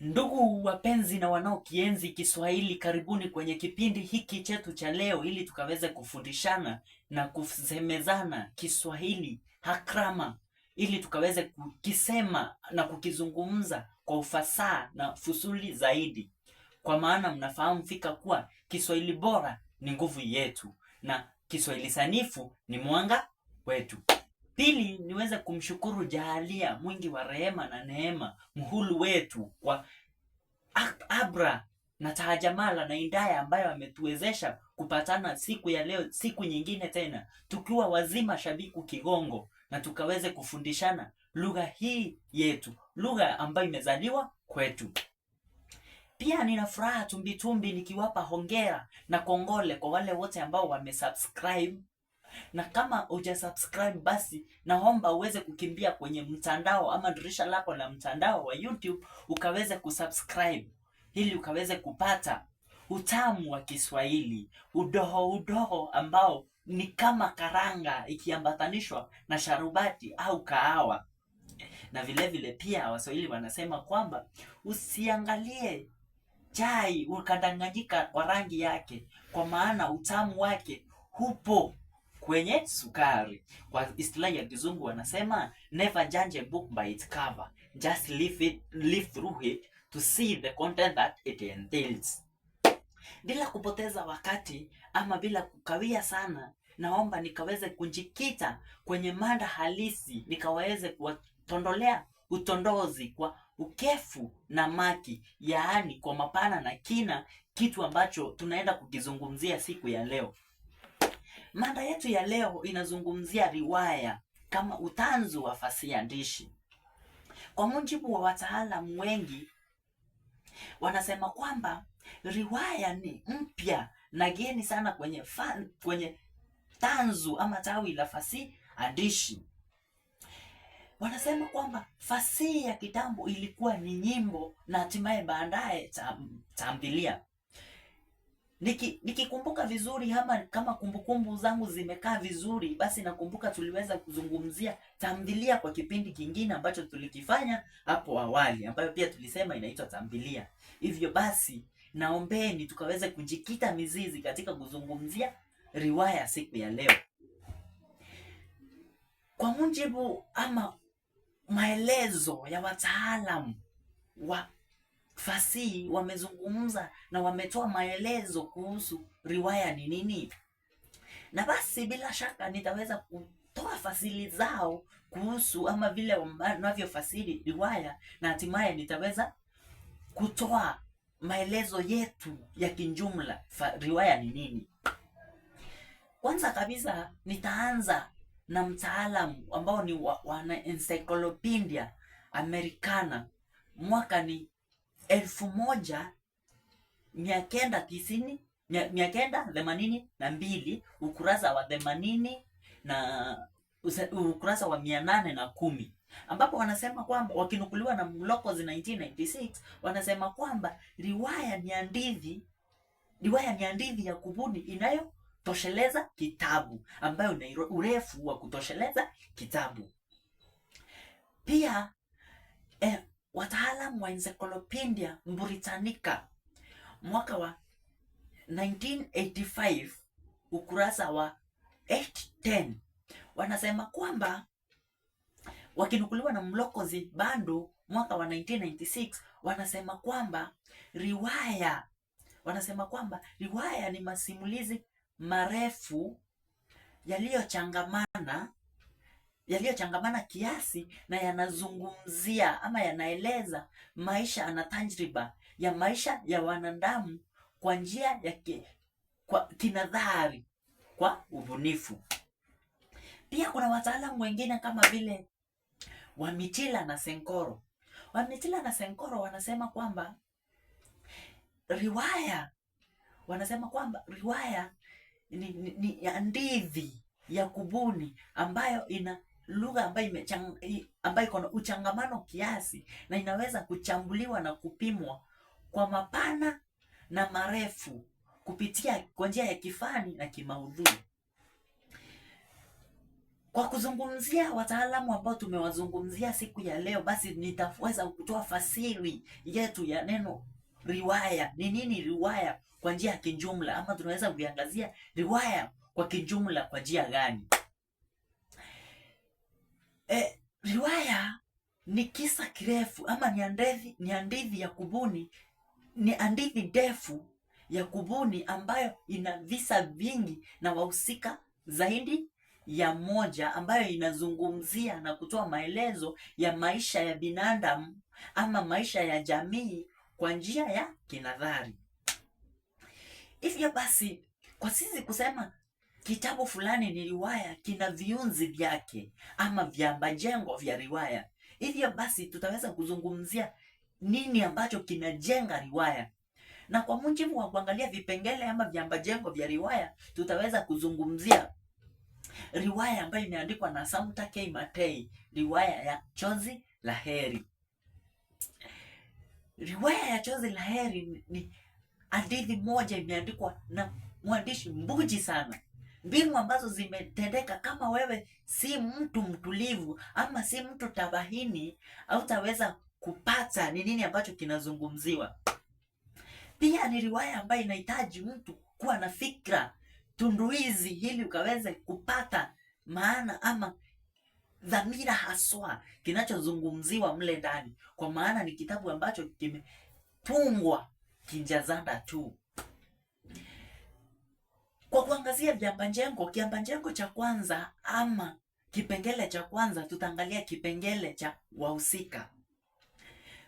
Ndugu wapenzi na wanaokienzi Kiswahili, karibuni kwenye kipindi hiki chetu cha leo, ili tukaweze kufundishana na kusemezana Kiswahili hakrama, ili tukaweze kukisema na kukizungumza kwa ufasaha na fusuli zaidi, kwa maana mnafahamu fika kuwa Kiswahili bora ni nguvu yetu na Kiswahili sanifu ni mwanga wetu. Pili, niweze kumshukuru Jaalia mwingi wa rehema na neema, mhulu wetu kwa Abra na Taajamala na Indaya ambayo ametuwezesha kupatana siku ya leo, siku nyingine tena tukiwa wazima shabiku Kigongo, na tukaweze kufundishana lugha hii yetu, lugha ambayo imezaliwa kwetu. Pia nina furaha tumbitumbi nikiwapa hongera na kongole kwa wale wote ambao wamesubscribe na kama subscribe basi naomba uweze kukimbia kwenye mtandao ama dirisha lako la mtandao wa YouTube ukaweze kusubscribe ili ukaweze kupata utamu wa Kiswahili, udoho udoho ambao ni kama karanga ikiambatanishwa na sharubati au kahawa. Na vile vile pia Waswahili wanasema kwamba usiangalie chai ukadanganyika kwa rangi yake, kwa maana utamu wake hupo kwenye sukari. Kwa istilahi ya kizungu wanasema never judge a book by its cover, just leave it, leave through it to see the content that it entails. Bila kupoteza wakati ama bila kukawia sana, naomba nikaweze kujikita kwenye mada halisi, nikaweze kuwatondolea utondozi kwa ukefu na maki, yaani kwa mapana na kina, kitu ambacho tunaenda kukizungumzia siku ya leo. Mada yetu ya leo inazungumzia riwaya kama utanzu wa fasihi andishi. Kwa mujibu wa wataalamu wengi, wanasema kwamba riwaya ni mpya na geni sana kwenye, fan, kwenye tanzu ama tawi la fasihi andishi. Wanasema kwamba fasihi ya kitambo ilikuwa ni nyimbo na hatimaye baadaye tamthilia nikikumbuka niki vizuri ama kama kumbukumbu zangu zimekaa vizuri, basi nakumbuka tuliweza kuzungumzia tamthilia kwa kipindi kingine ambacho tulikifanya hapo awali, ambayo pia tulisema inaitwa tamthilia. Hivyo basi, naombeni tukaweze kujikita mizizi katika kuzungumzia riwaya siku ya leo, kwa mujibu ama maelezo ya wataalamu wa fasihi wamezungumza na wametoa maelezo kuhusu riwaya ni nini, na basi bila shaka nitaweza kutoa fasili zao kuhusu ama vile wanavyofasiri riwaya, na hatimaye nitaweza kutoa maelezo yetu ya kijumla riwaya ni nini. Kwanza kabisa nitaanza na mtaalamu ambao ni wa, wana encyclopedia Americana mwaka ni elfu moja mia kenda tisini mia kenda themanini na mbili ukurasa wa themanini na ukurasa wa mia nane na kumi ambapo wanasema kwamba wakinukuliwa na Mlokozi 1996 wanasema kwamba riwaya ni hadithi, riwaya ni hadithi ya kubuni inayotosheleza kitabu ambayo ina urefu wa kutosheleza kitabu pia eh, wataalamu wa encyclopedia Mbritanika mwaka wa 1985 ukurasa wa 810 wanasema kwamba wakinukuliwa na Mlokozi Bandu mwaka wa 1996 wanasema kwamba riwaya wanasema kwamba riwaya ni masimulizi marefu yaliyochangamana yaliyochangamana kiasi na yanazungumzia ama yanaeleza maisha ana tajriba ya maisha ya wanadamu kwa njia ya ki, kwa kinadhari kwa ubunifu. Pia kuna wataalamu wengine kama vile Wamitila na Senkoro. Wamitila na Senkoro wanasema kwamba riwaya wanasema kwamba riwaya ni, ni, ni hadithi ya kubuni ambayo ina lugha ambayo imechang ambayo iko na uchangamano kiasi na inaweza kuchambuliwa na kupimwa kwa mapana na marefu kupitia kwa njia ya kifani na kimaudhui. Kwa kuzungumzia wataalamu ambao tumewazungumzia siku ya leo, basi nitaweza kutoa fasiri yetu ya neno riwaya. Ni nini riwaya kwa njia ya kijumla, ama tunaweza kuiangazia riwaya kwa kijumla kwa njia gani? e, riwaya ni kisa kirefu ama ni andithi, ni andithi ya kubuni, ni andithi ndefu ya kubuni ambayo ina visa vingi na wahusika zaidi ya moja ambayo inazungumzia na kutoa maelezo ya maisha ya binadamu ama maisha ya jamii kwa njia ya kinadhari. Hivyo basi, kwa sisi kusema kitabu fulani ni riwaya, kina viunzi vyake ama vya majengo vya riwaya. Hivyo basi tutaweza kuzungumzia nini ambacho kinajenga riwaya, na kwa mujibu wa kuangalia vipengele ama vya vya riwaya tutaweza kuzungumzia riwaya ambayo imeandikwa na Samta K. Matei, riwaya ya Chozi la Heri. Riwaya ya Chozi la Heri ni hadithi moja imeandikwa na mwandishi mbuji sana mbinu ambazo zimetendeka. Kama wewe si mtu mtulivu ama si mtu tabahini, hautaweza kupata ni nini ambacho kinazungumziwa. Pia ni riwaya ambayo inahitaji mtu kuwa na fikra tunduizi ili ukaweze kupata maana ama dhamira haswa kinachozungumziwa mle ndani, kwa maana ni kitabu ambacho kimetungwa kinjazanda tu. Kwa kuangazia kiamba njengo cha kwanza ama kipengele cha kwanza, tutaangalia kipengele cha wahusika.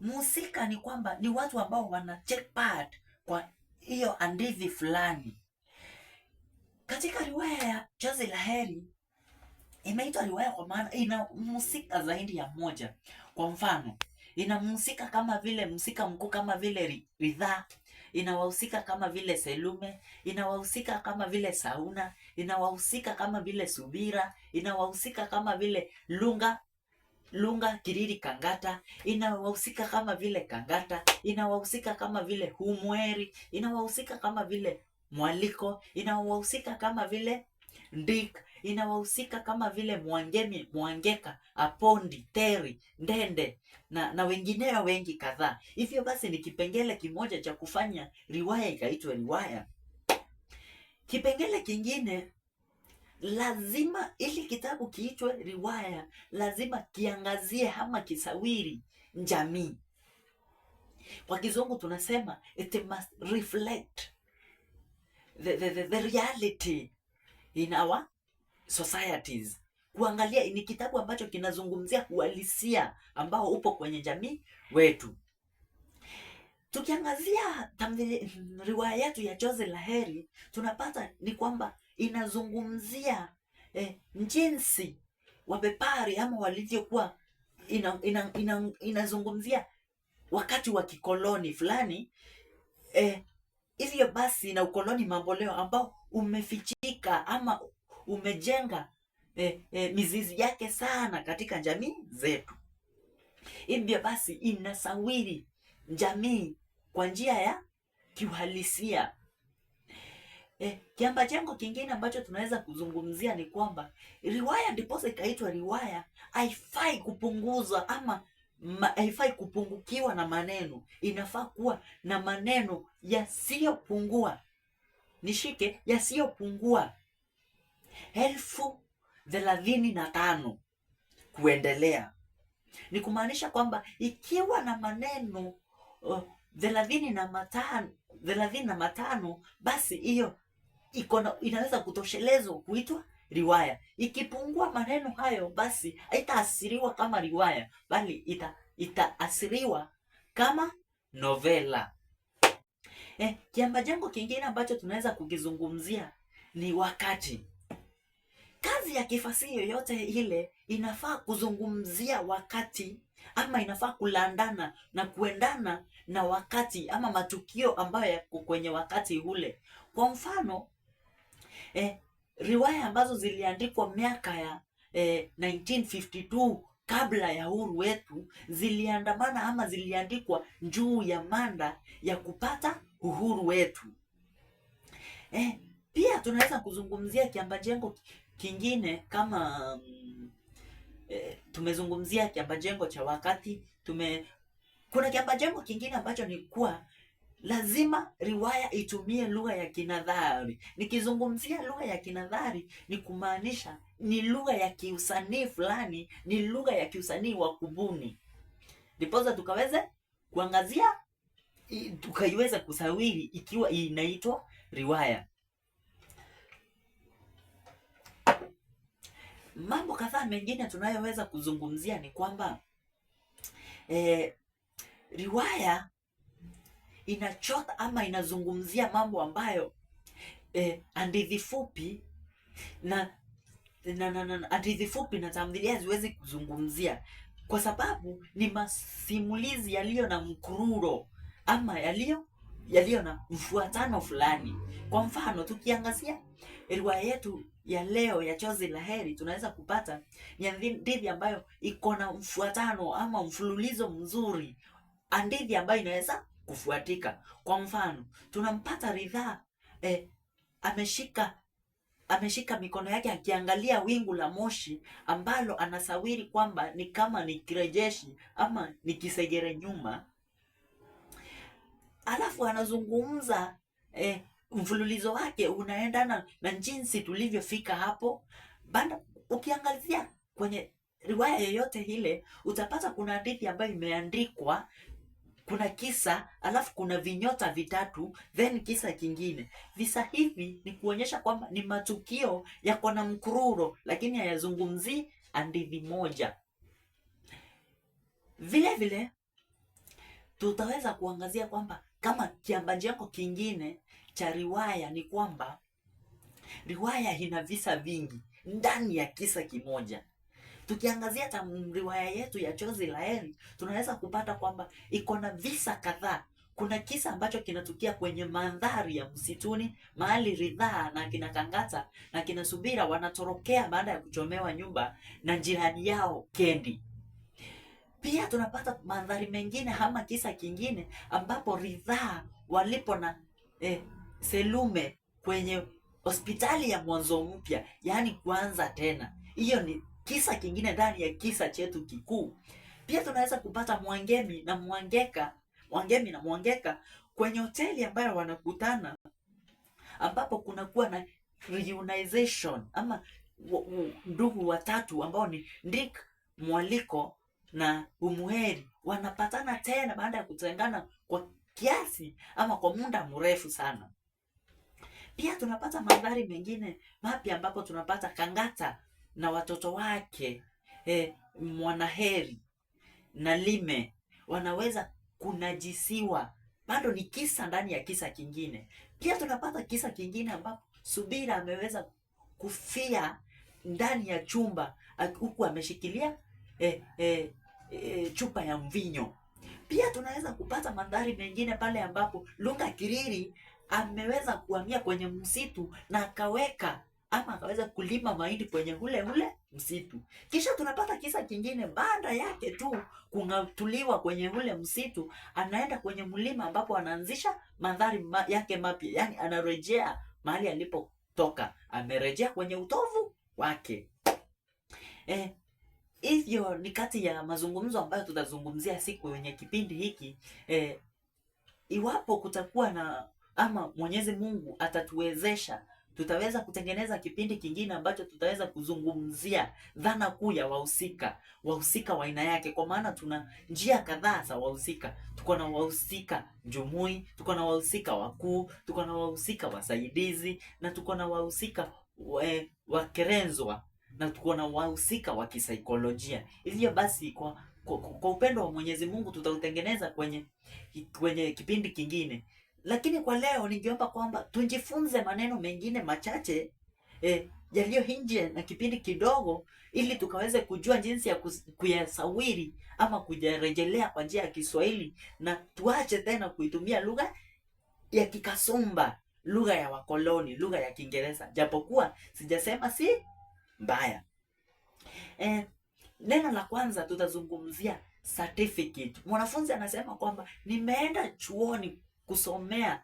Mhusika ni kwamba ni watu ambao wana take part kwa hiyo hadithi fulani. Katika riwaya ya Chozi la Heri imeitwa riwaya kwa maana ina mhusika zaidi ya mmoja. Kwa mfano, ina mhusika kama vile mhusika mkuu kama vile Ridhaa inawahusika kama vile Selume, inawahusika kama vile Sauna, inawahusika kama vile Subira, inawahusika kama vile Lunga Lunga Kiriri Kangata, inawahusika kama vile Kangata, inawahusika kama vile Humweri, inawahusika kama vile Mwaliko, inawahusika kama vile Ndik, inawahusika kama vile Mwangemi, Mwangeka, Apondi, Teri, Ndende na, na wengineo wengi kadhaa. Hivyo basi ni kipengele kimoja cha kufanya riwaya ikaitwa riwaya. Kipengele kingine lazima ili kitabu kiitwe riwaya lazima kiangazie ama kisawiri jamii. Kwa kizungu tunasema it must reflect the, the, the, the reality in our societies kuangalia. Ni kitabu ambacho kinazungumzia uhalisia ambao upo kwenye jamii wetu. Tukiangazia riwaya yetu ya Chozi la Heri, tunapata ni kwamba inazungumzia eh, jinsi wabepari ama walivyokuwa ina, ina, ina, inazungumzia wakati wa kikoloni fulani eh, hivyo basi na ukoloni mamboleo ambao umefichika ama umejenga eh, eh, mizizi yake sana katika jamii zetu. Hivyo basi inasawiri jamii kwa njia ya kiuhalisia. Eh, kiamba jengo kingine ambacho tunaweza kuzungumzia ni kwamba riwaya ndiposa ikaitwa riwaya, haifai kupunguzwa ama haifai kupungukiwa na maneno. Inafaa kuwa na maneno yasiyopungua, nishike, yasiyopungua elfu thelathini na tano kuendelea. Ni kumaanisha kwamba ikiwa na maneno uh, thelathini na matano thelathini na matano basi hiyo iko inaweza kutoshelezwa kuitwa riwaya. Ikipungua maneno hayo, basi haitaasiriwa kama riwaya, bali ita itaasiriwa kama novela. Eh, kiambajango kingine ambacho tunaweza kukizungumzia ni wakati. Kazi ya kifasihi yoyote ile inafaa kuzungumzia wakati ama inafaa kulandana na kuendana na wakati ama matukio ambayo yako kwenye wakati ule. Kwa mfano eh, riwaya ambazo ziliandikwa miaka ya eh, 1952 kabla ya uhuru wetu ziliandamana ama ziliandikwa juu ya mada ya kupata uhuru wetu. Eh, pia tunaweza kuzungumzia Kiambajengo Kingine kama um, e, tumezungumzia kiamba jengo cha wakati tume, kuna kiamba jengo kingine ambacho ni kuwa lazima riwaya itumie lugha ya kinadhari. Nikizungumzia lugha ya kinadhari ni kumaanisha ni lugha ya kiusanii fulani, ni lugha ya kiusanii wa kubuni, ndiposa tukaweze kuangazia, tukaiweza kusawiri ikiwa inaitwa riwaya. Mambo kadhaa mengine tunayoweza kuzungumzia ni kwamba eh, riwaya inachota ama inazungumzia mambo ambayo eh, hadithi fupi na na, na, na, hadithi fupi na tamthilia haziwezi kuzungumzia kwa sababu ni masimulizi yaliyo na mkururo ama yaliyo yaliyo na mfuatano fulani. Kwa mfano tukiangazia riwaya yetu ya leo ya Chozi la Heri tunaweza kupata ni hadithi ambayo iko na mfuatano ama mfululizo mzuri, hadithi ambayo inaweza kufuatika. Kwa mfano, tunampata Ridhaa eh, ameshika ameshika mikono yake akiangalia wingu la moshi ambalo anasawiri kwamba ni kama ni kirejeshi ama ni kisegere nyuma, alafu anazungumza eh, mfululizo wake unaendana na jinsi tulivyofika hapo bana. Ukiangazia kwenye riwaya yoyote ile, utapata kuna hadithi ambayo imeandikwa, kuna kisa, alafu kuna vinyota vitatu, then kisa kingine. Visa hivi ni kuonyesha kwamba ni matukio yako na mkururo, lakini hayazungumzii hadithi moja. Vile vile tutaweza kuangazia kwamba kama kiambaji yako kingine cha riwaya ni kwamba riwaya ina visa vingi ndani ya kisa kimoja. Tukiangazia hata riwaya yetu ya Chozi la Heri, tunaweza kupata kwamba iko na visa kadhaa. Kuna kisa ambacho kinatukia kwenye mandhari ya msituni, mahali Ridhaa na kina Kangata na kina Subira wanatorokea baada ya kuchomewa nyumba na jirani yao Kendi. Pia tunapata mandhari mengine ama kisa kingine ambapo ridhaa walipo na eh, Selume kwenye hospitali ya mwanzo mpya, yaani kuanza tena. Hiyo ni kisa kingine ndani ya kisa chetu kikuu. Pia tunaweza kupata Mwangemi na Mwangeka, Mwangemi na Mwangeka kwenye hoteli ambayo wanakutana, ambapo kunakuwa na reunization ama ndugu watatu ambao ni Ndik, Mwaliko na Umueri wanapatana tena baada ya kutengana kwa kiasi ama kwa muda mrefu sana. Pia tunapata mandhari mengine mapya ambapo tunapata Kangata na watoto wake eh, Mwanaheri na Lime wanaweza kunajisiwa, bado ni kisa ndani ya kisa kingine. Pia tunapata kisa kingine ambapo Subira ameweza kufia ndani ya chumba huku ameshikilia eh, eh, e, chupa ya mvinyo. Pia tunaweza kupata mandhari mengine pale ambapo lunga Kiriri ameweza kuhamia kwenye msitu na akaweka ama akaweza kulima mahindi kwenye ule ule msitu. Kisha tunapata kisa kingine, baada yake tu kung'atuliwa kwenye ule msitu, anaenda kwenye mlima ambapo anaanzisha mandhari ma yake mapya, yani anarejea mahali alipotoka, amerejea kwenye utovu wake. Eh, hivyo ni kati ya mazungumzo ambayo tutazungumzia siku yenye kipindi hiki eh, iwapo kutakuwa na ama Mwenyezi Mungu atatuwezesha tutaweza kutengeneza kipindi kingine ambacho tutaweza kuzungumzia dhana kuu ya wahusika, wahusika wa aina yake, kwa maana tuna njia kadhaa za wahusika. Tuko na wahusika jumui, tuko na wahusika wakuu, tuko na wahusika wasaidizi na tuko na wahusika e, wakerenzwa na tuko na wahusika wa kisaikolojia. Hivyo basi kwa, kwa, kwa upendo wa Mwenyezi Mungu tutautengeneza kwenye kwenye kipindi kingine, lakini kwa leo ningeomba kwamba tujifunze maneno mengine machache eh, yaliyo nje na kipindi kidogo, ili tukaweze kujua jinsi ya kuyasawiri ama kujarejelea kwa njia ya Kiswahili, na tuache tena kuitumia lugha ya kikasumba, lugha ya wakoloni, lugha ya Kiingereza, japokuwa sijasema si mbaya. Eh, neno la kwanza tutazungumzia certificate. Mwanafunzi anasema kwamba nimeenda chuoni kusomea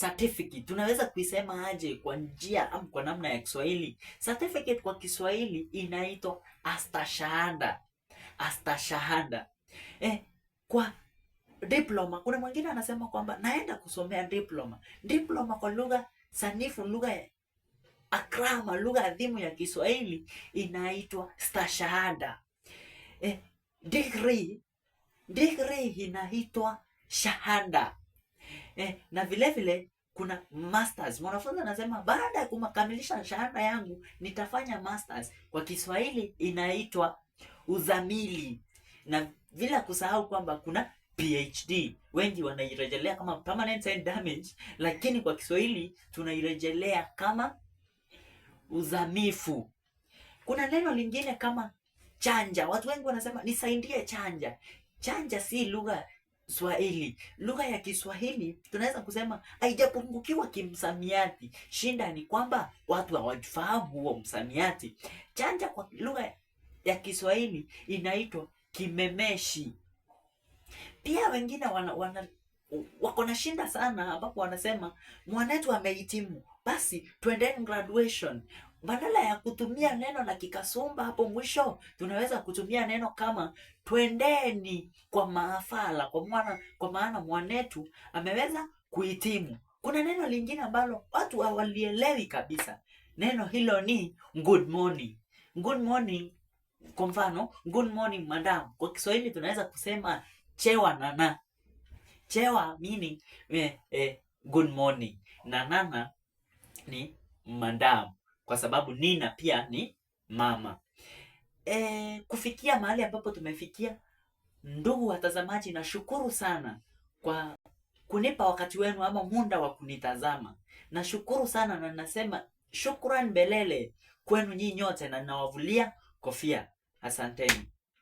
certificate. Tunaweza kuisema aje kwa njia au kwa namna ya Kiswahili? Certificate kwa Kiswahili inaitwa astashahada. Astashahada. Eh, kwa diploma kuna mwingine anasema kwamba naenda kusomea diploma. Diploma kwa lugha sanifu, lugha akrama, lugha adhimu ya Kiswahili inaitwa stashahada. Eh, degree degree inaitwa shahada eh, na vile vile kuna masters. Mwanafunzi anasema baada ya kumakamilisha shahada yangu nitafanya masters. Kwa Kiswahili inaitwa uzamili, na bila kusahau kwamba kuna PhD wengi wanairejelea kama permanent damage, lakini kwa Kiswahili tunairejelea kama uzamifu. Kuna neno lingine kama chanja. Watu wengi wanasema nisaidie chanja. Chanja si lugha Swahili. Lugha ya Kiswahili tunaweza kusema haijapungukiwa kimsamiati. Shinda ni kwamba watu hawafahamu huo msamiati. Chanja kwa lugha ya Kiswahili inaitwa kimemeshi. Pia wengine wana, wana, wako na shinda sana ambapo wanasema mwanetu amehitimu basi twendeni graduation. Badala ya kutumia neno la kikasumba hapo mwisho, tunaweza kutumia neno kama twendeni kwa maafala kwa mwana, kwa maana mwanetu ameweza kuhitimu. Kuna neno lingine ambalo watu hawalielewi kabisa, neno hilo ni good morning. Good morning kwa mfano, good morning madam, kwa Kiswahili tunaweza kusema chewa nana. Chewa meaning eh, eh, good morning, nana ni madamu, kwa sababu Nina pia ni mama. E, kufikia mahali ambapo tumefikia, ndugu watazamaji, nashukuru sana kwa kunipa wakati wenu ama muda wa kunitazama. Nashukuru sana na nasema shukran belele kwenu nyinyi nyote, na nawavulia kofia. Asanteni.